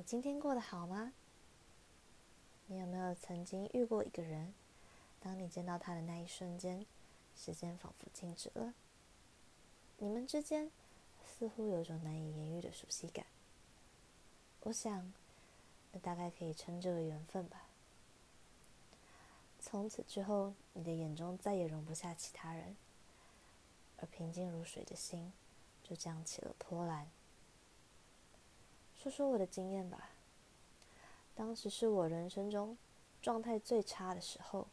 你今天過得好嗎？你有沒有曾經遇過一個人？當你見到他的那一瞬間，時間仿佛靜止了。你們之間似乎有種難以言喻的熟悉感。我想，那大概可以稱之為緣分吧。從此之後，你的眼中再也容不下其他人，而平靜如水的心，就這樣起了波瀾。說說我的經驗吧。當時是我人生中狀態最差的時候，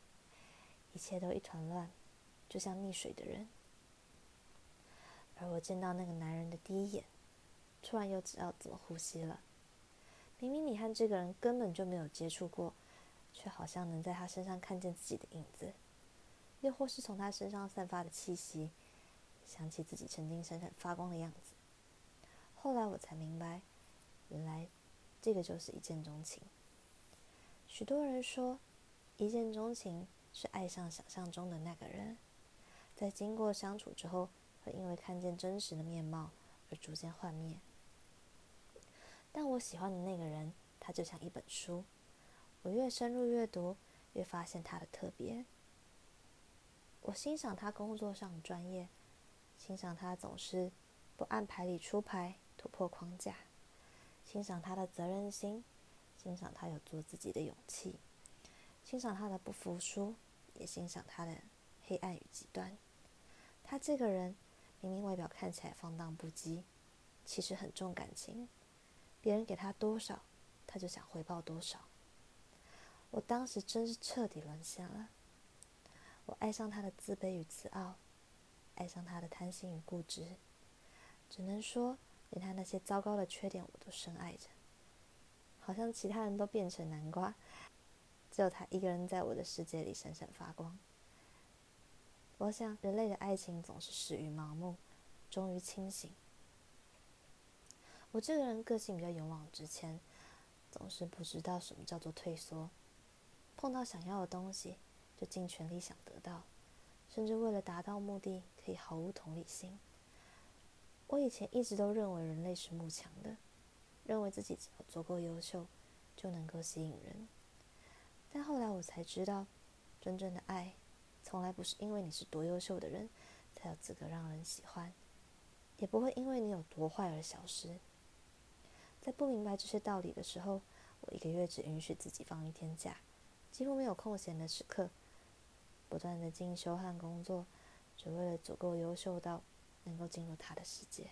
一切都一團亂，就像溺水的人。而我見到那個男人的第一眼，突然又知道怎麼呼吸了。明明你和這個人根本就沒有接觸過，却好像能在他身上看見自己的影子，又或是從他身上散發的氣息，想起自己曾經閃閃發光的樣子。後來我才明白。原來，這個就是一見鍾情。許多人說，一見鍾情是愛上想象中的那個人，在經過相處之後，會因為看見真實的面貌而逐漸幻滅。但我喜歡的那個人，他就像一本書，我越深入閱讀，越發現他的特別。我欣賞他工作上專業，欣賞他總是不按牌理出牌，突破框架。欣賞他的責任心，欣賞他有做自己的勇氣，欣賞他的不服輸，也欣賞他的黑暗與極端。他這個人明明外表看起來放蕩不羈，其實很重感情，別人給他多少，他就想回報多少。我當時真是徹底淪陷了，我愛上他的自卑與自傲，愛上他的貪心與固執，只能說。連他那些糟糕的缺點，我都深愛着。好像其他人都變成南瓜，只有他一個人在我的世界裡閃閃發光。我想，人類的愛情總是始於盲目，終於清醒。我這個人個性比較勇往直前，總是不知道什麼叫做退縮。碰到想要的東西，就盡全力想得到，甚至為了達到目的，可以毫無同理心。我以前一直都認為人類是慕強的，認為自己只要足夠優秀，就能夠吸引人。但後來我才知道，真正的愛，從來不是因為你是多優秀的人，才有資格讓人喜歡，也不會因為你有多壞而消失。在不明白這些道理的時候，我一個月只允許自己放一天假，幾乎沒有空閒的時刻，不斷的進修和工作，只為了足夠優秀到，能夠進入他的世界，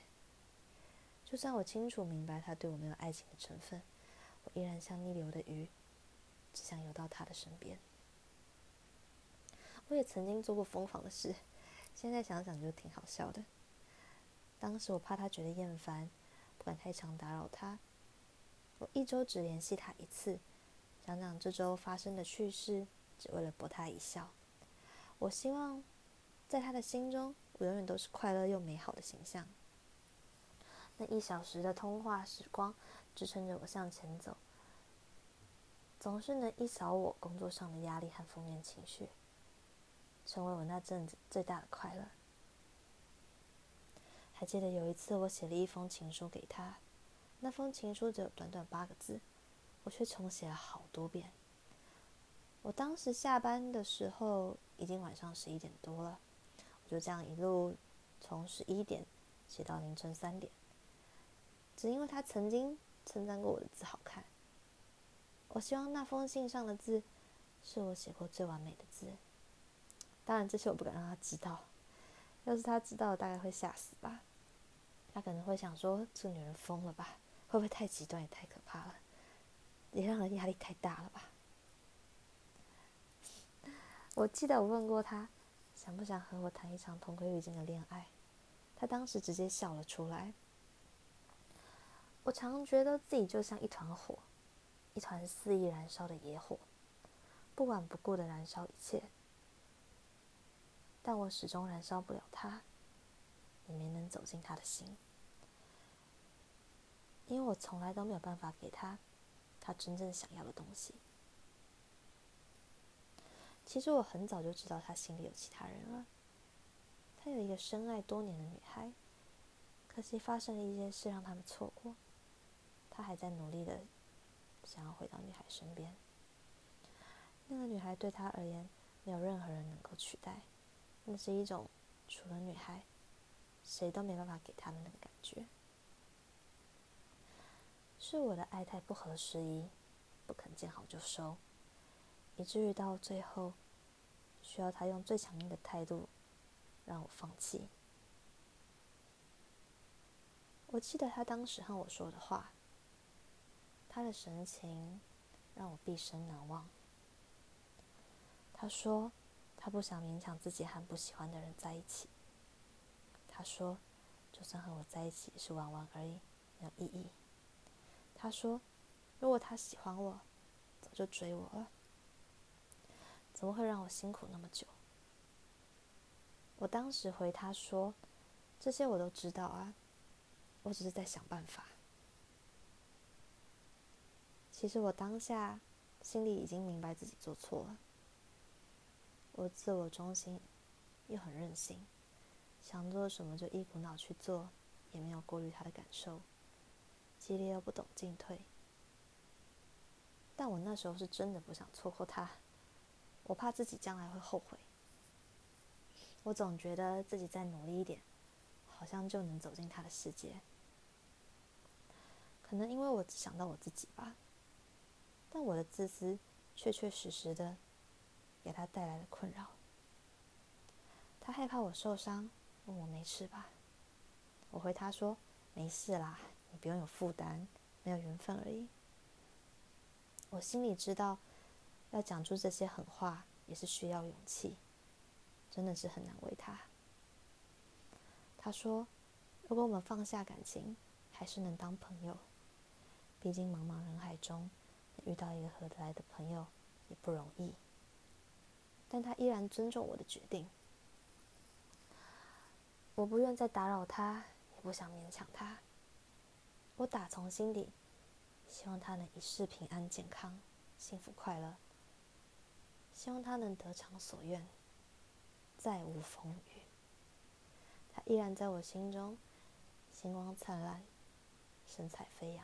就算我清楚明白他對我沒有愛情的成分，我依然像逆流的魚，只想游到他的身邊。我也曾經做過瘋狂的事，現在想想就挺好笑的。當時我怕他覺得厭煩，不敢太常打擾他，我一週只聯繫他一次，想想這週發生的趣事，只為了博他一笑。我希望在他的心中。我永遠都是快樂又美好的形象。那一小時的通話時光，支撐着我向前走，總是能一掃我工作上的壓力和負面情緒，成為我那陣子最大的快樂。還記得有一次，我寫了一封情書給他，那封情書只有短短八個字，我卻重寫了好多遍。我當時下班的時候，已經晚上十一點多了。就這樣一路從十一點寫到凌晨三點，只因為他曾經稱讚過我的字好看。我希望那封信上的字是我寫過最完美的字。當然，這些我不敢讓他知道。要是他知道，大概會嚇死吧。他可能會想說：“這女人瘋了吧？會不會太極端也太可怕了？也讓人壓力太大了吧？”我記得我問過他。想不想和我談一場同歸於盡的戀愛？他當時直接笑了出來。我常覺得自己就像一團火，一團肆意燃燒的野火，不管不顧的燃燒一切。但我始終燃燒不了他，也沒能走進他的心，因為我從來都沒有辦法給他他真正想要的東西。其實我很早就知道他心裡有其他人了。他有一個深愛多年的女孩，可惜發生了一件事讓他們錯過。他還在努力的想要回到女孩身邊。那個女孩對他而言沒有任何人能夠取代，那是一種除了女孩誰都沒辦法給他們的感覺。是我的愛太不合時宜，不肯見好就收。以至於到最後，需要他用最強硬的態度讓我放棄。我記得他當時和我說的話，他的神情讓我畢生難忘。他說他不想勉強自己和不喜歡的人在一起。他說，就算和我在一起也是玩玩而已，沒有意義。他說，如果他喜歡我，早就追我了。怎麼會讓我辛苦那麼久？我當時回他說：“這些我都知道啊，我只是在想辦法。”其實我當下心裡已經明白自己做錯了。我自我中心，又很任性，想做什麼就一股腦去做，也沒有顧慮他的感受，激烈又不懂進退。但我那時候是真的不想錯過他。我怕自己將來會後悔。我總覺得自己再努力一點，好像就能走進他的世界。可能因為我只想到我自己吧。但我的自私，確確實實的給他帶來了困擾。他害怕我受傷，問我沒事吧。我回他說沒事啦，你不用有負擔，沒有緣分而已。我心裡知道。要講出這些狠話也是需要勇氣，真的是很難為他。他說，如果我們放下感情，還是能當朋友。畢竟茫茫人海中，遇到一個合得來的朋友也不容易。但他依然尊重我的決定。我不願再打擾他，也不想勉強他。我打從心底，希望他能一世平安、健康、幸福、快樂。希望他能得償所願，再無風雨。他依然在我心中，星光燦爛，神采飛揚。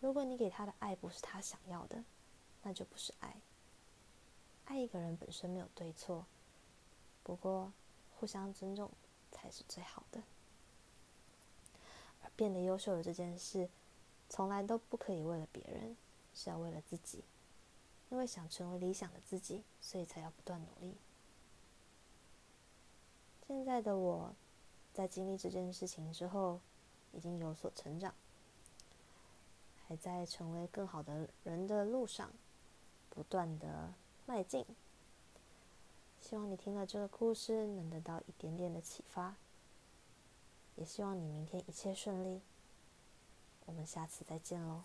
如果你給他的愛不是他想要的，那就不是愛。愛一個人本身沒有對錯，不過互相尊重才是最好的。而變得優秀的這件事，從來都不可以為了別人，是要為了自己。因為想成為理想的自己，所以才要不斷努力。現在的我，在經歷這件事情之後，已經有所成長，還在成為更好的人的路上，不斷的邁進。希望你聽了這個故事能得到一點點的啟發，也希望你明天一切順利。我們下次再見嘍。